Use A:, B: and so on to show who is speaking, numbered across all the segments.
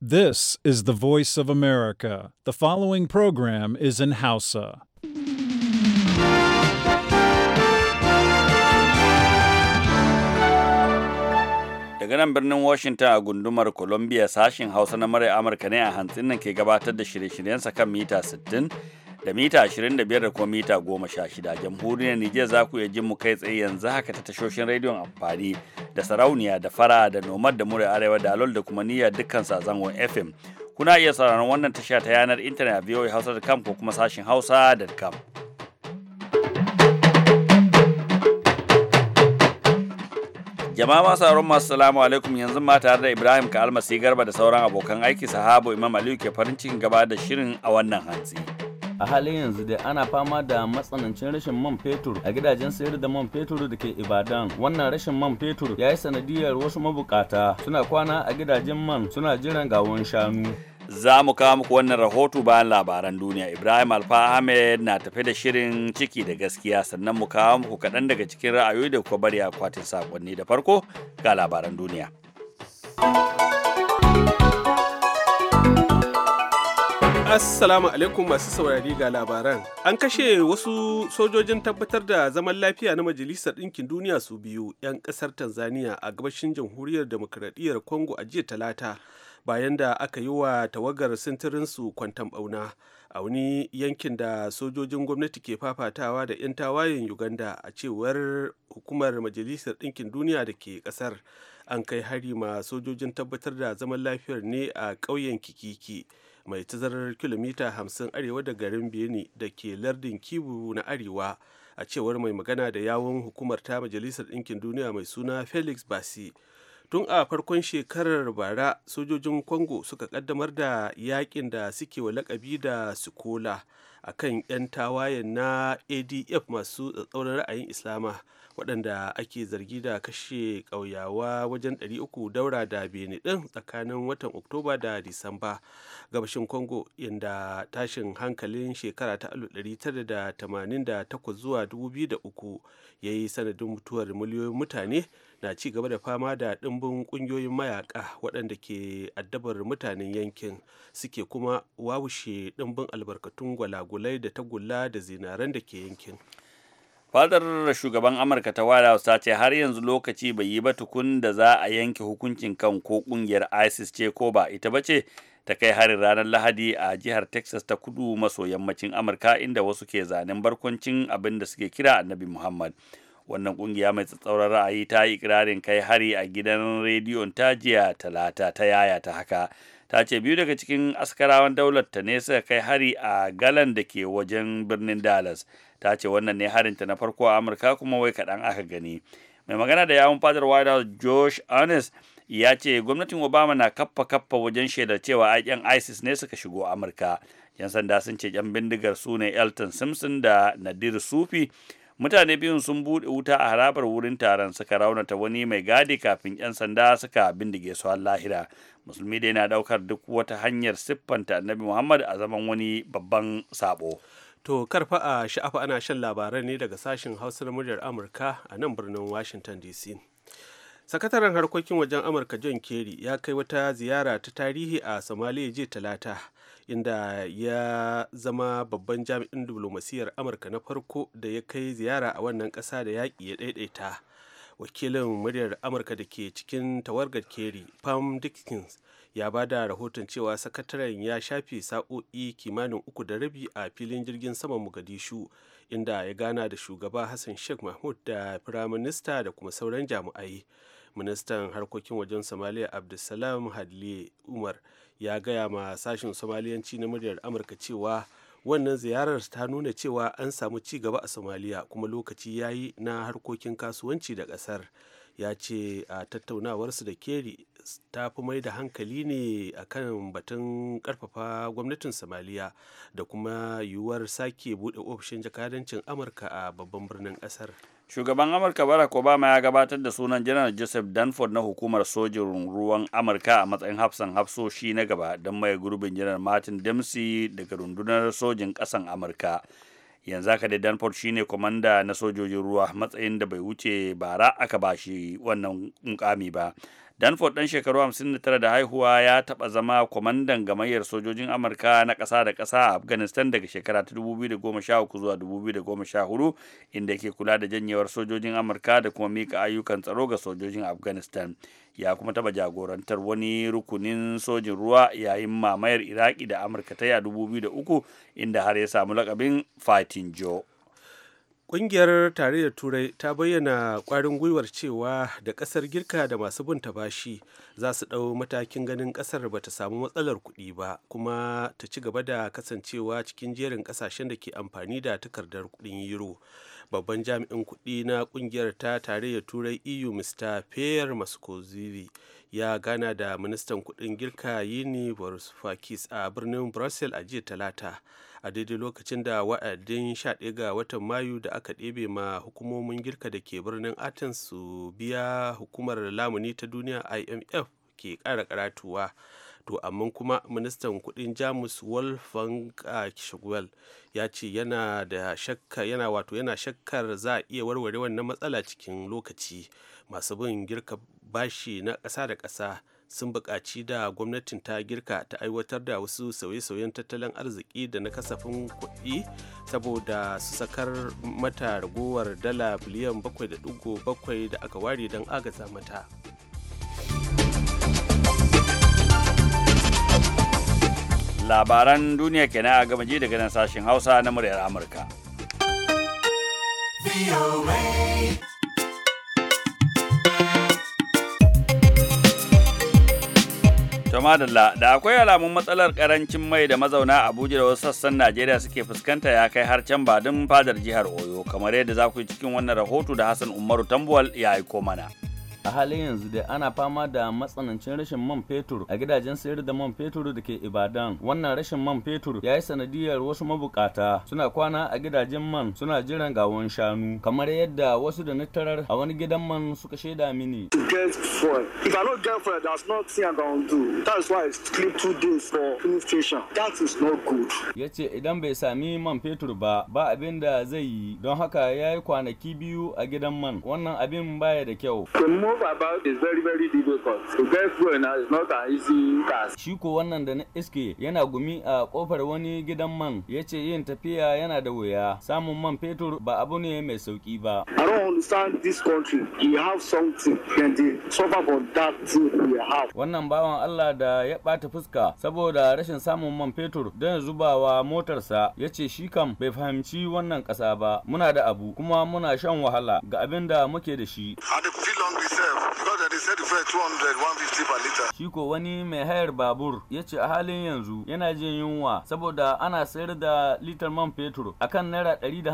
A: This is the voice of America. The following program is in Hausa. Daga nan birnin Washington a gundumar Columbia sashin Hausa na murai Amurka ne a hantsin nan ke gabatar da shirye-shiryensa kan mita 60 da mita 25 da kuma mita 16 jamhuriyar Nijar za ku iya jin mu kai tsaye yanzu haka ta tashoshin rediyon amfani da sarauniya da fara da nomad da mura arewa da alol da kuma niyyar dukkan zangon FM kuna iya sauraron wannan tasha ta yanar intanet a kam ko kuma sashin hausa da kam. jama'a masu sauraron masu salamu alaikum yanzu ma tare da ibrahim ka almasi garba da sauran abokan aiki sahabo imam aliyu ke farin cikin gaba da shirin a wannan hantsi.
B: a halin yanzu dai ana fama da matsanancin rashin man fetur a gidajen sayar da man fetur da ke ibadan wannan rashin man fetur ya yi sanadiyar
A: wasu mabukata suna kwana a gidajen man suna jiran gawon shanu za mu kawo muku wannan rahoto bayan labaran duniya ibrahim alfa ahmed na tafe da shirin ciki da gaskiya sannan mu kawo muku kaɗan daga cikin ra'ayoyi da kuka bari akwatin sakonni da farko ga
C: labaran duniya Assalamu alaikum masu saurari ga labaran. An kashe wasu sojojin tabbatar da zaman lafiya na Majalisar Ɗinkin Duniya su biyu 'yan ƙasar Tanzania a gabashin Jamhuriyar Demokradiyyar Congo a jiya Talata bayan da aka yi wa tawagar sintirinsu kwantan ɓauna a wani yankin da sojojin gwamnati ke fafatawa da 'yan tawayen Uganda a cewar hukumar Majalisar Ɗinkin Duniya da ke ƙasar. An kai hari ma sojojin tabbatar da zaman lafiyar ne a ƙauyen Kikiki. mai tazarar kilomita 50 arewa da garin Beni da ke lardin Kibu na arewa a cewar mai magana da yawon hukumar ta majalisar ɗinkin duniya mai suna Felix Basi. Tun a farkon shekarar bara sojojin Congo suka kaddamar da yakin da suke wa lakabi da Sukola a kan 'yan tawayen na adf masu tsatsauran ra'ayin islama waɗanda ake zargi da kashe ƙauyawa wajen 300 daura da bene ɗin tsakanin watan oktoba da disamba gabashin congo inda tashin hankalin shekara ta 1988 zuwa 2003 ya yi sanadin mutuwar miliyoyin mutane na ci gaba da fama da ɗimbin ƙungiyoyin mayaka waɗanda ke addabar mutanen yankin suke kuma wawushe ɗimbin albarkatun gwalagulai da tagulla da zinaren da ke yankin
A: fadar shugaban amurka ta white house ta ce har yanzu lokaci bai yi ba tukun da za a yanke hukuncin kan ko kungiyar isis ce ko ba ita ba ce ta kai harin ranar lahadi a jihar texas ta kudu maso yammacin amurka inda wasu ke zanen barkwancin abin da suke kira annabi muhammad wannan kungiya mai tsatsauran ra'ayi ta yi ikirarin kai hari a gidan rediyon ta jiya talata ta yaya ta haka ta ce biyu daga cikin askarawan daular ta ne suka kai hari a galan da ke wajen birnin dallas ta ce wannan ne harinta na farko a amurka kuma wai kaɗan aka gani mai magana da yawun fadar white house josh Arnes, ya ce gwamnatin obama na kaffa kaffa wajen shaidar cewa aikin isis ne suka shigo amurka yan sanda sun ce yan bindigar su ne elton simpson da nadir sufi mutane biyun sun buɗe wuta a harabar wurin taron suka raunata wani mai gadi kafin 'yan sanda suka bindige su har lahira musulmi dai na ɗaukar duk wata hanyar siffanta
C: annabi muhammad a zaman wani babban sabo to karfa a sha'afa ana shan labaran ne daga sashen hausar na muryar amurka a nan birnin washington dc sakataren harkokin wajen amurka john kerry ya kai wata ziyara ta tarihi a somalia jiya talata inda ya zama babban jami'in diplomasiyar amurka na farko da ya kai ziyara a wannan ƙasa da yaƙi ya ɗaiɗaita wakilin muryar amurka da ke cikin tawargar kerry pam dickens ya ba da rahoton cewa sakataren ya shafe sa'o'i kimanin uku da rabi a filin jirgin saman mogadishu inda ya gana da shugaba hassan sheikh mahmud da firaminista da kuma sauran jami'ai ministan harkokin wajen somaliya abdulsalam hadley umar ya gaya ma sashen somaliyanci na muryar amurka cewa wannan ziyarar ta nuna cewa an samu ci gaba a somaliya kuma lokaci ya yi na harkokin kasuwanci da ƙasar ya ce a tattaunawarsu da keri ta fi mai da hankali ne a kan batun karfafa gwamnatin somaliya da kuma yiwuwar sake buɗe ofishin jakadancin amurka a babban birnin ƙasar shugaban
A: amurka barack obama ya gabatar da sunan janar joseph danford na hukumar sojin ruwan amurka a matsayin hafsan hafsoshi na gaba don mai gurbin janar martin dempsey daga rundunar sojin kasan amurka yanzu haka dai danford shine kwamanda na sojojin ruwa matsayin da bai wuce bara aka bashi wannan mukami ba danford dan shekaru 59 da haihuwa ya taɓa zama kwamandan gamayyar sojojin amurka na ƙasa da ƙasa a afghanistan daga shekara ta 2013 zuwa 2014 inda ke kula da janyewar sojojin amurka da kuma mika ayyukan tsaro ga sojojin afghanistan ya kuma taɓa jagorantar wani rukunin sojin ruwa yayin mamayar iraki da amurka ta yi a 2003 inda har ya samu lakabin fatin joe
C: Ƙungiyar Tarayyar Turai ta bayyana ƙwarin gwiwar cewa da ƙasar Girka da masu bin ta bashi za su ɗau matakin ganin ƙasar ba ta samu matsalar kuɗi ba kuma ta ci gaba da kasancewa cikin jerin ƙasashen da ke amfani da takardar kuɗin euro. Babban jami'in kuɗi na ƙungiyar ta Tarayyar Turai EU Mr. Pierre Moscovici ya gana da ministan kuɗin Girka Yini Varoufakis a birnin Brussels a jiya Talata. a daidai lokacin da wa'adin 11 ga watan mayu da aka ɗebe ma hukumomin girka da ke birnin athens su biya hukumar lamuni ta duniya imf ke ƙara karatuwa to amma kuma ministan kudin jamus wolfgang kishigwel ya ce yana da shakka yana wato yana shakkar za a iya warware wannan matsala cikin lokaci masu bin girka bashi na ƙasa da ƙasa sun buƙaci da gwamnatin ta girka ta aiwatar da wasu sauye-sauyen tattalin arziki da na kasafin kuɗi saboda su sakar mata ragowar dala biliyan 7.7 da aka ware don agaza mata
A: labaran duniya kenan a gama daga nan sashen hausa na muryar amurka samadala da akwai alamun matsalar karancin mai da mazauna Abuja da wasu sassan Najeriya suke fuskanta ya kai har can badin fadar jihar Oyo kamar yadda za ku yi cikin wannan rahoto da Hassan Umaru Tambuwal ya aiko mana.
B: a halin yanzu dai ana fama da matsanancin rashin man fetur a gidajen sayar da man fetur da ke ibadan wannan rashin man fetur ya yi sanadiyar wasu mabukata suna kwana a gidajen man suna jiran gawon shanu kamar yadda wasu da tarar a wani gidan man suka shaida mini is not good. Ya ce idan bai sami man fetur ba, ba abin da zai yi. Don haka ya yi kwanaki biyu a gidan man. Wannan abin baya da kyau. move about is very very difficult. To get through now is not an easy task. Shi ko wannan da na iske yana gumi a kofar wani gidan man ya ce yin tafiya yana da wuya samun man fetur ba abu ne mai sauki ba. I don't understand this country. You have something and they suffer for that thing we have. Wannan bawan Allah da ya bata fuska saboda rashin samun man fetur don zubawa motarsa ya ce shi kam bai fahimci wannan ƙasa ba. Muna da abu kuma muna shan wahala ga abin da muke da shi. Shi ko wani mai hayar babur ya ce a halin yanzu yana jin yunwa saboda ana sayar da litar man fetur akan naira ɗari da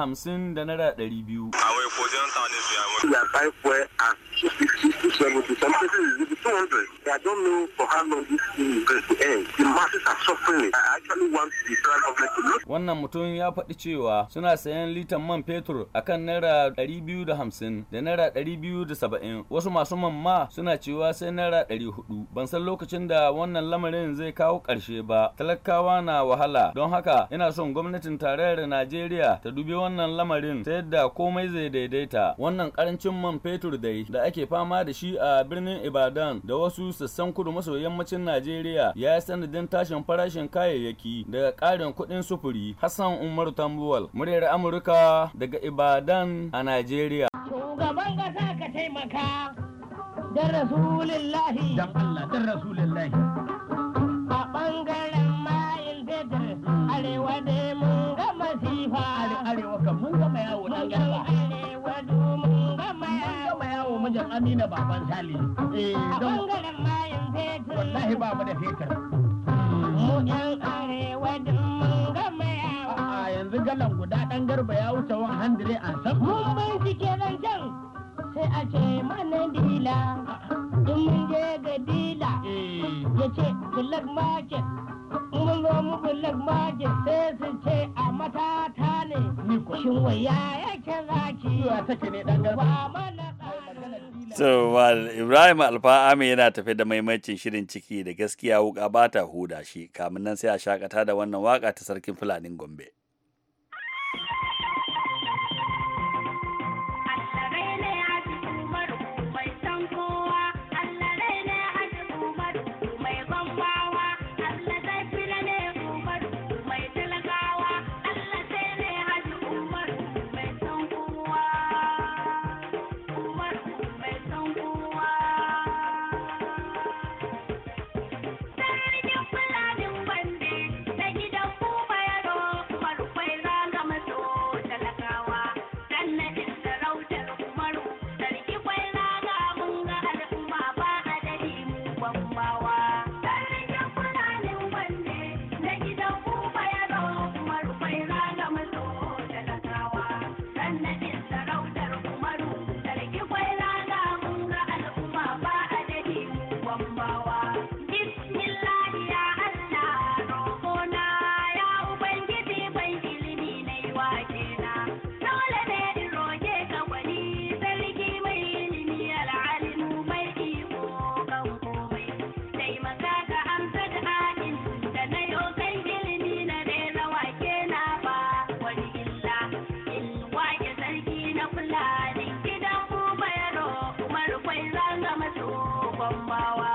B: naira ɗari
D: A wai ko jiran tsawanin su
B: ya mutu. 70, some places it
E: will be 200. I don't know for how long this thing is going to end. The masses are suffering. I actually
B: want the federal government to look. Wannan mutum ya faɗi cewa suna sayan litan man fetur akan naira 250 da naira 270. Wasu masu man ma suna cewa sai naira 400. Ban san lokacin da wannan lamarin zai kawo ƙarshe ba. Talakawa na wahala. Don haka ina son gwamnatin tarayyar Najeriya ta dubi wannan lamarin ta yadda komai zai daidaita. Wannan ƙarancin man fetur dai da ake fama da shi a birnin Ibadan da wasu sassan kudu maso yammacin Najeriya ya yi sanadin tashin farashin kayayyaki daga ƙarin kuɗin sufuri Hassan Umaru Tambuwal muryar Amurka daga Ibadan a Najeriya.
E: Shugaban ƙasa ka taimaka dan Rasulillahi. Dan Allah dan Rasulillahi. A ɓangaren
F: mayin fetur arewa ne mun ga masifa. Arewa kan mun ga mayawo ɗan gaba. Arewa domin gama yawo amina baban sali a ɓangaren eh, mayan fetur wallahi ba mu da fetur mu yan arewa din gama yawo a yanzu galan guda ɗan garba ya wuce 100 a san mun bai cike nan can sai a ce mana dila in mun je ga dila eh. ya ce black market zo mu ce a matata ne shin waya yake zaki
A: So, well, Ibrahim Alfa Ame yana tafe da maimacin shirin ciki da gaskiya wuka ba ta huda shi, kamin nan sai a shakata da wannan waka ta sarkin Fulanin Gombe. bawa.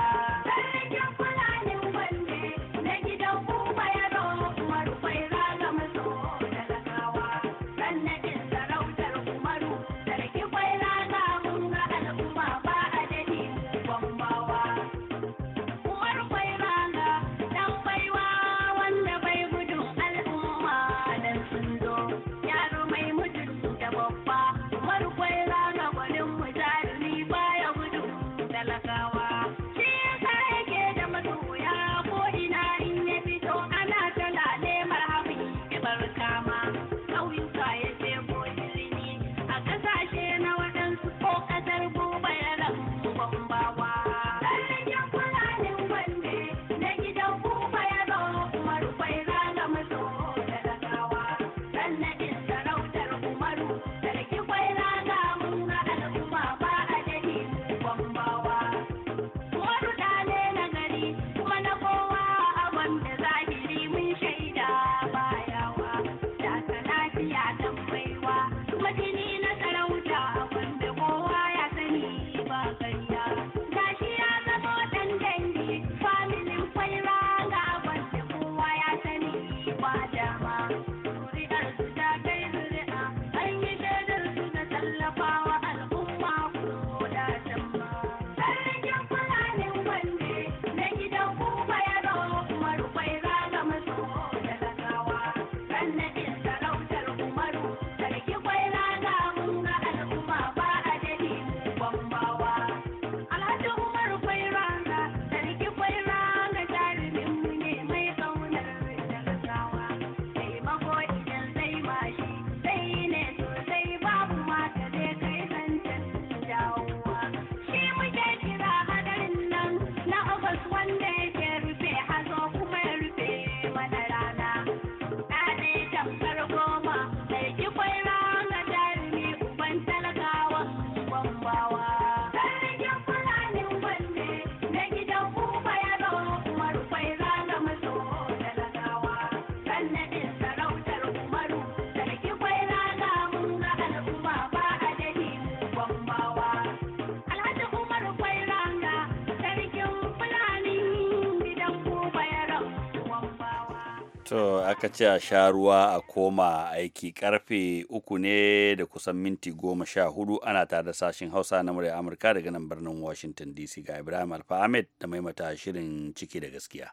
A: To aka ce a sha ruwa a koma aiki karfe uku ne da kusan minti goma sha hudu ana tare da sashen Hausa na murya Amurka daga nan birnin Washington DC ga Ibrahim Alfa Ahmed da maimata shirin ciki da gaskiya.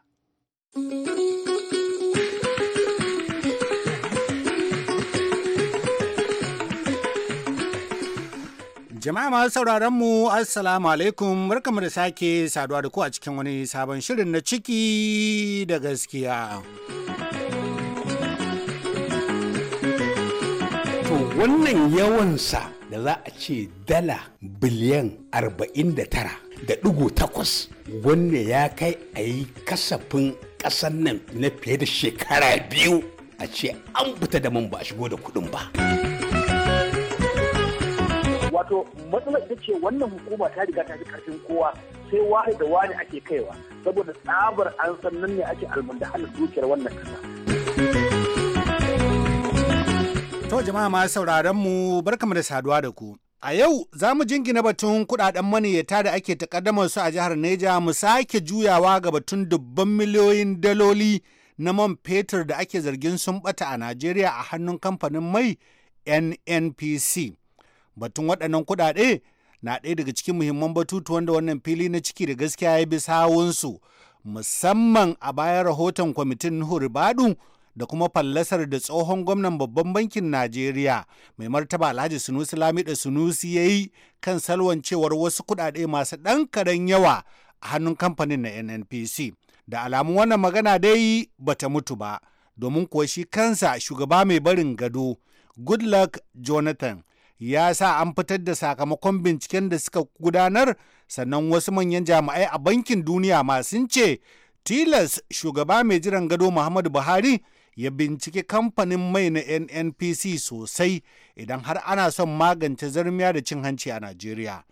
G: Jama'a masu sauraron mu Assalamu alaikum barkamu da sake saduwa da ku a cikin wani sabon shirin na ciki da gaskiya.
E: wannan yawansa
F: da za a ce dala biliyan 49 da ɗigo takwas wanda ya kai a yi kasafin ƙasan nan na fiye da shekara biyu a ce an fita da man ba a shigo da kuɗin ba.
H: wato matsalar ita ce wannan hukuma ta riga ta fi karfin kowa sai wani da wani ake kaiwa saboda tsabar an san nan ne ake almunda hana dukiyar wannan kasa.
G: To jama'a ma sauraron mu barkamu da saduwa da ku. A yau za mu jingina batun kudaden maniyyata da ake takaddamar su a jihar Neja mu sake juyawa ga batun dubban miliyoyin daloli na man fetur da ake zargin sun bata a Najeriya a hannun kamfanin mai NNPC. Batun waɗannan kudade na ɗaya daga cikin muhimman batutu wanda wannan fili na ciki da gaskiya ya bi sawunsu musamman a bayan rahoton kwamitin Huribadu da kuma fallasar da tsohon gwamnan babban bankin Najeriya mai martaba Alhaji Sunusi Lamido Sunusi ya yi kan salwancewar wasu kuɗaɗe masu ɗan karen yawa a hannun kamfanin na NNPC. Da alamu wannan magana dai bata mutu ba, domin kuwa shi kansa shugaba mai barin gado, Goodluck Jonathan, ya sa an fitar da sakamakon binciken da suka gudanar sannan wasu manyan jami'ai a bankin duniya ma sun ce tilas shugaba mai jiran gado Muhammadu Buhari ya binciki kamfanin mai na nnpc sosai idan har ana son magance zarmiya da cin hanci a najeriya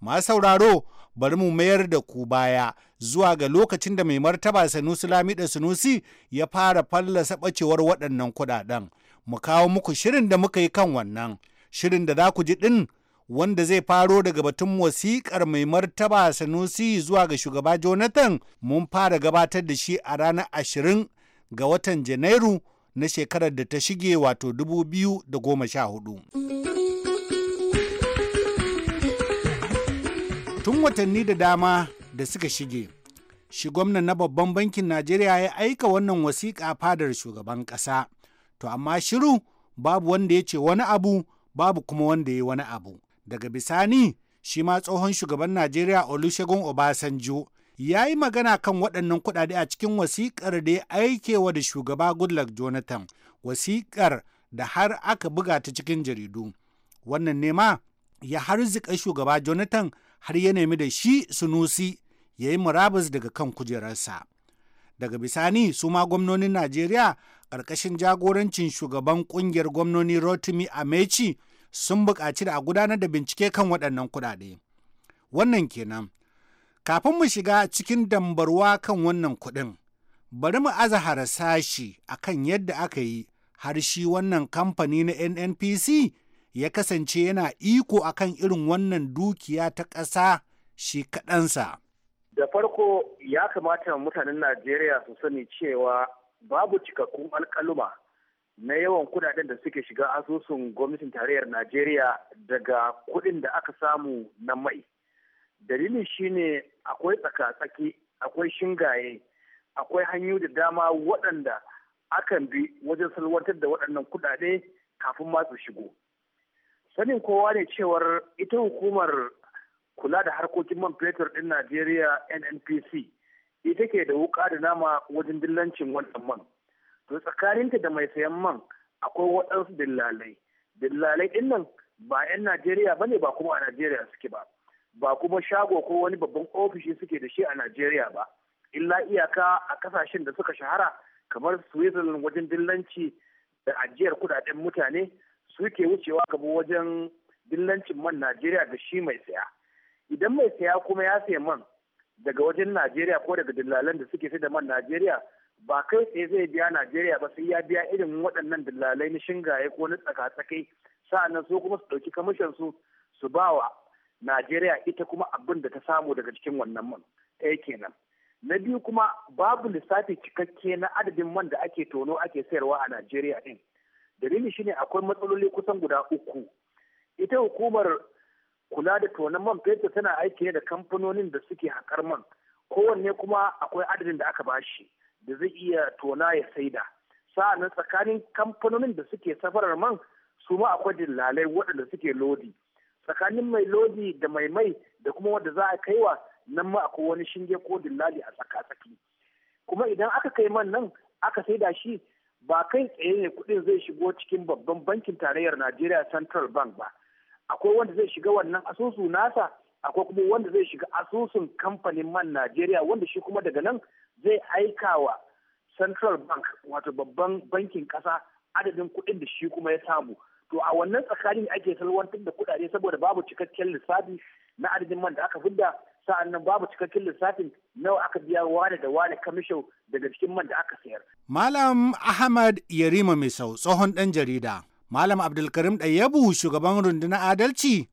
G: ma sauraro bari mu mayar da ku baya zuwa ga lokacin da mai martaba sanusi lamida sanusi ya fara fallasa bacewar waɗannan kuɗaɗen mu kawo muku shirin da muka yi kan wannan shirin da za ku ji ɗin wanda zai faro daga batun wasiƙar mai martaba sanusi zuwa ga shugaba jonathan mun fara gabatar da shi a ranar ashirin ga watan Janairu na shekarar da ta shige wato 2014. Tun watanni da dama da suka shige, shi gwamna na babban bankin Najeriya ya aika wannan wasiƙa fadar shugaban ƙasa. To amma shiru babu wanda ya ce wani abu, babu kuma wanda ya yi wani abu. Daga bisani, shi ma tsohon shugaban Najeriya Olusegun Obasanjo ya yi magana kan waɗannan kuɗaɗe a cikin wasiƙar da ya aikewa da shugaba Goodluck Jonathan, wasiƙar da har aka buga ta cikin jaridu. Wannan nema ya harzika shugaba Jonathan har ya nemi da shi Sunusi ya yi murabus daga kan kujerarsa. Daga bisani su ma gwamnonin Najeriya ƙarƙashin jagorancin shugaban ƙungiyar gwamnoni Rotimi Amechi sun buƙaci da a gudanar da bincike kan waɗannan kuɗaɗe. Wannan kenan Kafin mu shiga cikin dambarwa kan wannan kuɗin, bari mu azahara sashi a kan yadda aka yi har shi wannan kamfani na NNPC ya kasance yana iko akan irin wannan dukiya ta ƙasa shi kaɗansa.
H: Da farko ya kamata mutanen Najeriya su sani cewa babu cikakkun alkaluma na yawan kudaden da suke shiga asusun gwamnatin tarayyar Najeriya daga kuɗin da aka samu na mai. Dalilin shine akwai tsaka-tsaki akwai shingaye akwai hanyo da dama waɗanda akan bi wajen salwantar da waɗannan kuɗaɗe kafin masu shigo sanin kowa ne cewar ita hukumar kula da harkokin man fetur ɗin najeriya nnpc ita ke da wuƙa da nama wajen dillancin wannan man to tsakaninta da mai sayan man akwai waɗansu dillalai dillalai ɗin nan ba 'yan najeriya ba ne ba kuma a najeriya suke ba ba kuma shago ko wani babban ofishi suke da shi a Najeriya ba illa iyaka a kasashen da suka shahara kamar Switzerland wajen dillanci da ajiyar kudaden mutane suke wucewa gaba wajen dillancin man Najeriya da shi mai saya idan mai saya kuma ya saya man daga wajen Najeriya ko daga dillalan da suke sai da man Najeriya ba kai tsaye zai biya Najeriya ba sai ya biya irin waɗannan dillalai na shingaye ko na tsaka-tsakai sa'annan su kuma su ɗauki kamishin su su ba wa Najeriya ita kuma abin da ta samu daga cikin wannan man ɗaya kenan. Na biyu kuma babu lissafi cikakke na adadin man da ake tono ake sayarwa a Najeriya ɗin. Dalili shine akwai matsaloli kusan guda uku. Ita hukumar kula da tonon man fetur tana aiki ne da kamfanonin da suke haƙar man. Kowanne kuma akwai adadin da aka bashi da zai iya tona ya saida. Sa'annan tsakanin kamfanonin da suke safarar man su ma akwai dillalai waɗanda suke lodi. tsakanin mai lodi da mai mai da kuma wanda za a wa nan ma akwai wani shinge ko dillali a tsaka-tsaki kuma idan aka kai man nan aka saida shi ba kai tsaye ne kudin zai shigo cikin babban bankin tarayyar Najeriya Central Bank ba akwai wanda zai shiga wannan asusu nasa akwai kuma wanda zai shiga asusun kamfanin man Najeriya wanda shi kuma daga nan zai aika wa Central Bank wato babban bankin kasa adadin kuɗin da shi kuma ya samu to a wannan tsakanin ake salwantar da kudade saboda babu cikakken lissafi na adadin man da aka fidda sa'an nan babu cikakken lissafin nawa aka biya wane da wane kamisho daga cikin man da aka sayar.
G: Malam Ahmad Yarima Misau tsohon ɗan jarida. Malam Abdulkarim Ɗayyabu shugaban rundunar adalci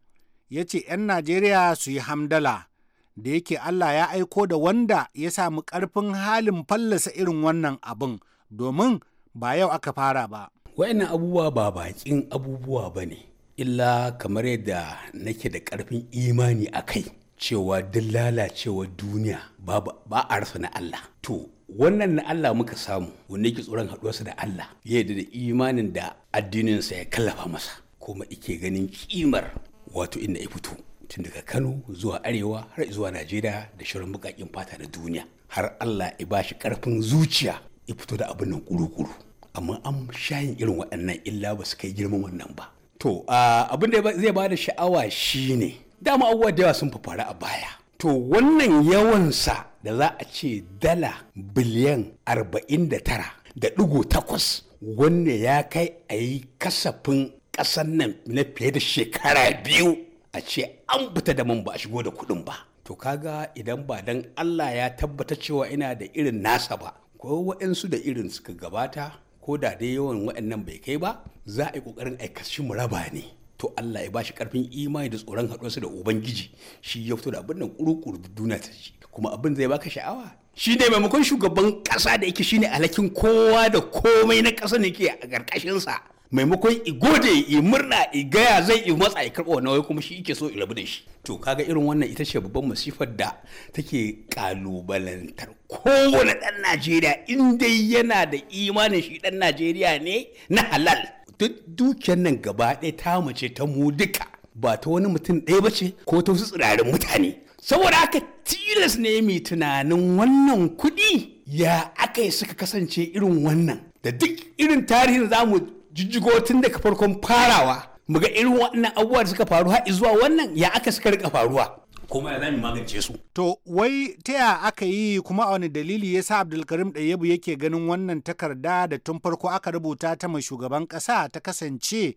G: ya ce 'yan Najeriya su yi hamdala da yake Allah ya aiko da wanda ya samu ƙarfin halin fallasa irin wannan abin domin
F: ba yau aka fara ba. wa'annan abubuwa ba bakin abubuwa ba ne illa kamar yadda nake da ƙarfin imani a kai cewa duk lalacewar duniya ba a rasa na Allah to wannan na Allah muka samu wanda yake tsoron haɗuwarsa da Allah ya yarda da imanin da addininsa ya kallafa masa kuma ike ganin kimar wato inda ya fito tun daga Kano zuwa Arewa har zuwa Najeriya da shirin bukakin fata na duniya har Allah ya bashi karfin zuciya ya fito da abin nan kuru-kuru amma an shayin irin waɗannan illa ba su kai girman wannan ba to abin da zai ba da sha'awa shine dama abubuwa da yawa sun faru a baya to wannan yawansa da za a ce dala biliyan arba'in da tara da ɗigo takwas wanda ya kai a yi kasafin ƙasan nan na fiye da shekara biyu a ce an fita da man ba a shigo da kuɗin ba to kaga idan ba dan Allah ya tabbata cewa ina da irin nasa ba ko waɗansu da irin suka gabata ko da dai yawan waɗannan bai kai ba za a yi ƙoƙarin a mu raba ne to Allah ya bashi karfin imani da tsoron su da ubangiji shi ya fito da abin nan kurukuru da duniya ta ji kuma abin zai baka sha'awa shi ne maimakon shugaban ƙasa da yake shine alhakin kowa da komai na ƙasa ne ke a ƙarƙashinsa maimakon i gode i murna i gaya zai i matsa i karɓo nawa kuma shi yake so i rabu da shi to kaga irin wannan ita ce babban masifar da take ƙalubalantar kowane ɗan najeriya in dai yana da imanin shi ɗan najeriya ne na halal duk dukiyar nan gaba ɗaya ta mace ta mu duka ba ta wani mutum ɗaya ba ce ko ta wasu tsirarin mutane saboda aka tilas ne mai tunanin wannan kuɗi ya aka yi suka kasance irin wannan da duk irin tarihin za mu jijjigo tun daga farkon farawa mu ga irin waɗannan abubuwa da suka faru har zuwa wannan ya aka suka rika faruwa kuma ya zami magance su. To wai ta
G: ya aka yi kuma a wani dalili ya sa Abdulkarim Ɗayyabu yake ganin wannan takarda da tun farko aka rubuta ta mai shugaban ƙasa ta kasance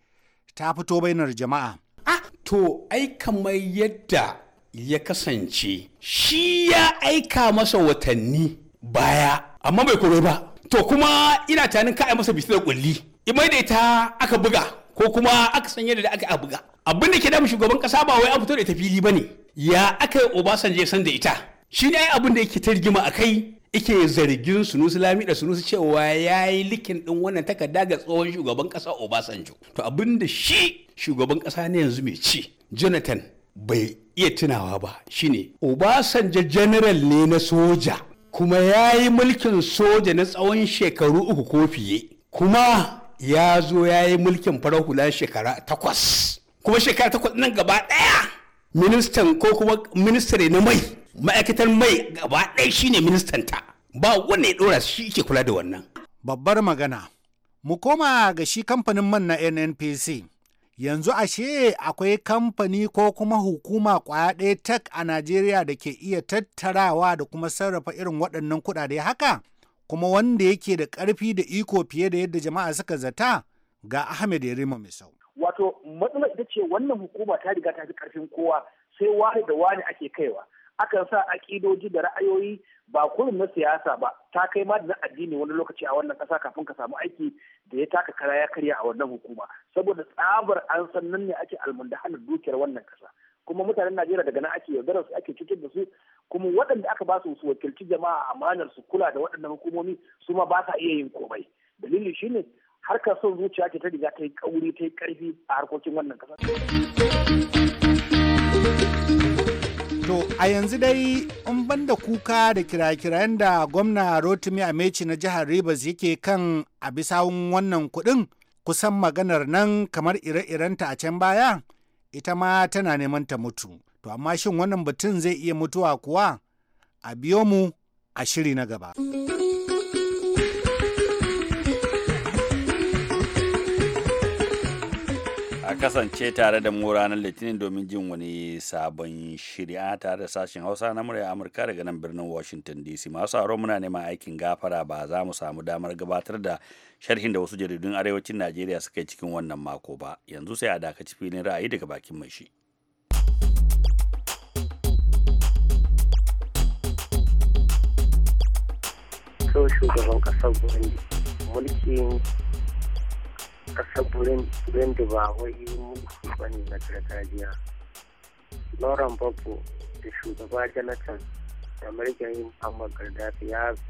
G: ta fito bainar jama'a.
F: Ah, to ai kamar yadda ya kasance shi ya aika masa watanni baya amma bai kore ba. To kuma ina tunanin ka masa bisi da kulli. Imai da ita aka buga ko kuma aka sanya da aka abuga abin da ke damu shugaban kasa ba wai an fito da ita fili ba ne. ya aka yi obasanjo ya san da ita shi ne abin da yake ta a kai ike zargin sunusi lami da sunusi cewa ya yi likin ɗin wannan takarda ga tsohon shugaban ƙasa obasanjo to abin da shi shugaban ƙasa ne yanzu mai ci jonathan bai iya tunawa ba shine obasanjo general ne na soja kuma ya yi mulkin soja na tsawon shekaru uku ko fiye kuma ya zo ya yi mulkin farar hula shekara takwas kuma shekara takwas nan gaba ɗaya ministan ko kuma ministare na mai ma'aikatar mai gaba ɗaya shine ministanta ba wanda ɗora shi ke kula da wannan babbar magana
G: mu koma ga shi kamfanin man na nnpc yanzu ashe akwai kamfani ko kuma hukuma kwaya ɗaya tech a najeriya da ke iya tattarawa da kuma sarrafa irin waɗannan kuɗaɗe haka kuma wanda yake da ƙarfi da iko fiye da yadda jama'a suka zata ga Ahmed mai sau.
H: Wato matsalar ita ce wannan hukuma ta riga ta fi ƙarfin kowa sai wani da wani ake kaiwa. Akan sa aƙidoji da ra'ayoyi ba kurin na siyasa ba ta kai ma da na addini wani lokaci a wannan ƙasa kafin ka samu aiki da ya taka kara ya karya a wannan hukuma saboda tsabar an san nan ne ake almundahanar dukiyar wannan ƙasa. kuma mutanen najeriya daga nan ake yaudarar su ake cutar da su kuma waɗanda aka ba su su wakilci jama'a amanar su kula da waɗannan hukumomi su ma ba sa iya yin komai dalili shine harkar son zuciya ce ta riga ta yi kauri ta yi karfi a harkokin wannan ƙasa To a yanzu dai in ban da
G: kuka da kira-kirayen da gwamna Rotimi a Amechi na jihar Rivers yake kan a bisawun wannan kuɗin kusan maganar nan kamar ire-irenta a can baya ita ma tana neman ta mutu to amma shin wannan batun zai iya mutuwa kuwa a biyo mu a shiri na gaba.
A: a kasance tare da mu ranar litinin domin jin wani sabon shirya tare da sashen hausa na murya amurka daga nan birnin washington dc masu aro muna neman aikin gafara ba za mu samu damar gabatar da sharhin da wasu jaridun arewacin najeriya suka yi cikin wannan mako ba yanzu sai a dakaci filin ra'ayi daga bakin mai shi
H: mulkin
E: ƙasar da ba wai mulki ba ne na gargajiya lauren babbo da shugaba jonathan da marigayi muhammad gardafi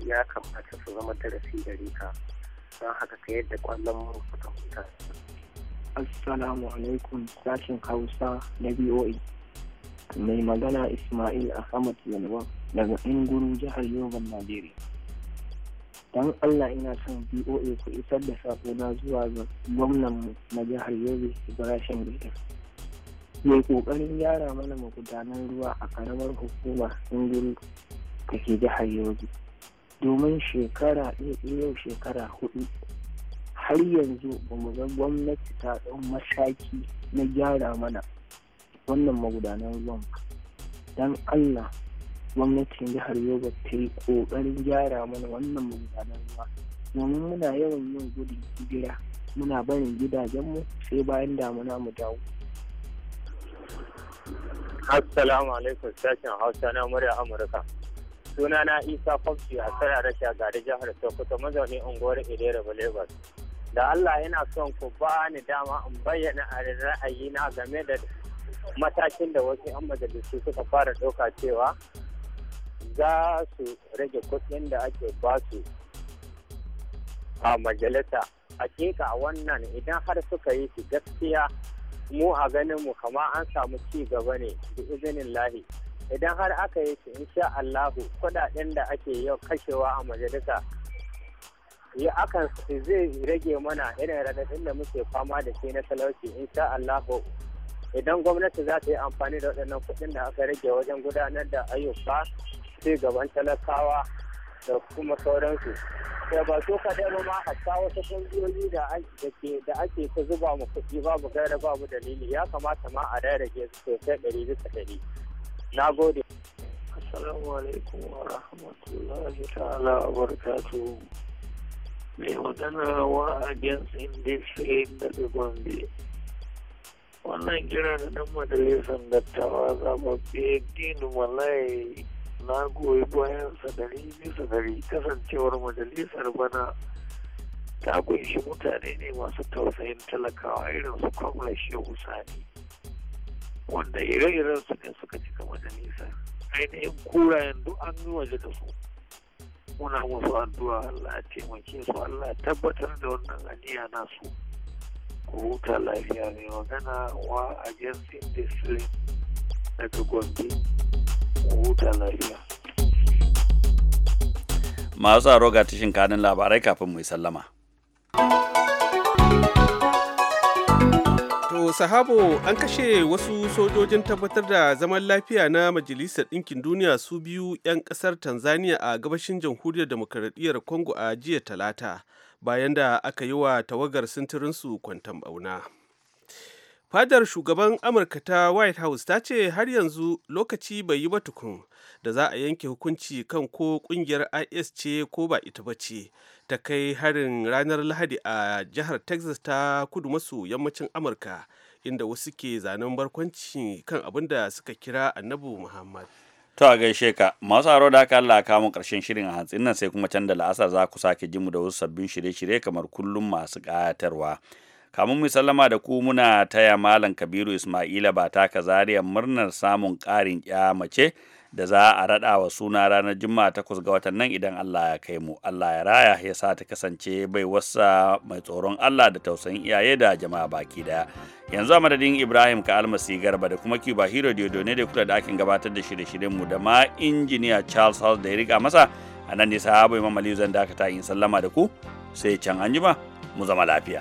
E: ya kamata su zama darasi gare ka don haka ka yadda kwallon mu ta huta assalamu alaikum sashen hausa na boa mai magana ismail ahmad yalwa daga ingurun jihar yoban najeriya don allah ina son boa ku isar da na zuwa ga gwamnanmu na jihar yobe ibrahim gidan ya kokarin gyara mana magudanan ruwa a karamar hukuma ingiri da ke jihar yobe domin shekara ɗaya yau shekara hudu har yanzu ba mu ga gwamnati ta ɗan mashaki na gyara mana wannan magudanan ruwan ba don allah gwamnatin jihar yobe ta yi ƙoƙarin gyara mana wannan mummunan ruwa domin muna yawan yin gudun hijira muna barin gidajenmu sai bayan damuna mu dawo assalamu alaikum sashen hausa na murya amurka suna na isa kwamfi a tsara rasha gari jihar sokoto mazaunin unguwar idera lagos da allah yana son ku ba ni dama in bayyana a ra'ayina game da matakin da wasu 'yan majalisu suka fara ɗauka cewa za su rage kuɗin da ake ba su a majalisa a hakika wannan idan har suka yi shi gaskiya mu a ganin mu kama an samu ci gaba ne da izinin lahi idan har aka yi shi insha Allahu kudaden da ake yau kashewa a majalisa ya akan zai rage mana irin radadin da muke fama da shi na talauci insha Allahu idan gwamnati za ta yi amfani da waɗannan kuɗin da aka rage wajen gudanar da ayyuka ce gaban talakawa da kuma sauransu da ba so ka dama ma hatta wasu ƙungiyoyi da ake ta zuba mu kuɗi babu gaira babu dalili ya kamata ma a rarrage su sosai ɗari bisa ɗari na gode assalamu alaikum wa
H: rahmatullahi ta'ala wa barakatuhu mai magana wa agents industry daga gombe wannan kira da dan majalisar dattawa zababbe dinu malai na goyi bayan sadari bisa dari kasancewar majalisar bana ta kunshi mutane ne masu tausayin talakawa irin su kwamla shehu sani wanda ire-iren su ne suka cika majalisar ainihin kurayen duk an yi waje da su muna musu addu'a Allah taimake su Allah tabbatar da wannan aniya nasu ku huta lafiya mai magana wa agency district daga gombe
A: Masu tsaro ga tashin kanin labarai kafin mu yi sallama.
C: To sahabo an kashe wasu sojojin tabbatar da zaman lafiya na Majalisar Ɗinkin Duniya su biyu 'yan ƙasar Tanzania a gabashin jamhuriyar demokaradiyyar Kongo a jiya talata bayan da aka yi wa tawagar sintirinsu kwantan ɓauna. fadar shugaban amurka ta white house ta ce har yanzu lokaci bai yi ba tukun da za a yanke hukunci kan ko kungiyar is ce ko ba ita ba ce ta kai harin ranar lahadi a jihar texas ta kudu maso yammacin amurka inda wasu ke zanen barkwanci kan abin da suka kira annabu muhammad
A: To a gaishe ka masu haro da aka Allah kamun karshen shirin a hantsin nan sai kuma can da la'asar za ku sake jimu da wasu sabbin shirye-shirye kamar kullum masu ƙayatarwa. kamun mu sallama da ku muna taya malam kabiru ismaila ba ta ka zariyar murnar samun ƙarin ƙya mace da za a raɗa wa suna ranar juma'a takwas ga watan nan idan allah ya kai mu allah ya raya ya sa ta kasance bai wasa mai tsoron allah da tausayin iyaye da jama'a baki daya yanzu a madadin ibrahim ka almasi garba da kuma cuba hero diodo ne da kula da akin gabatar da shirye-shiryen mu da ma injiniya charles house da ya riga masa a nan ne sahabu imam zan dakata in sallama da ku sai can anjima mu zama lafiya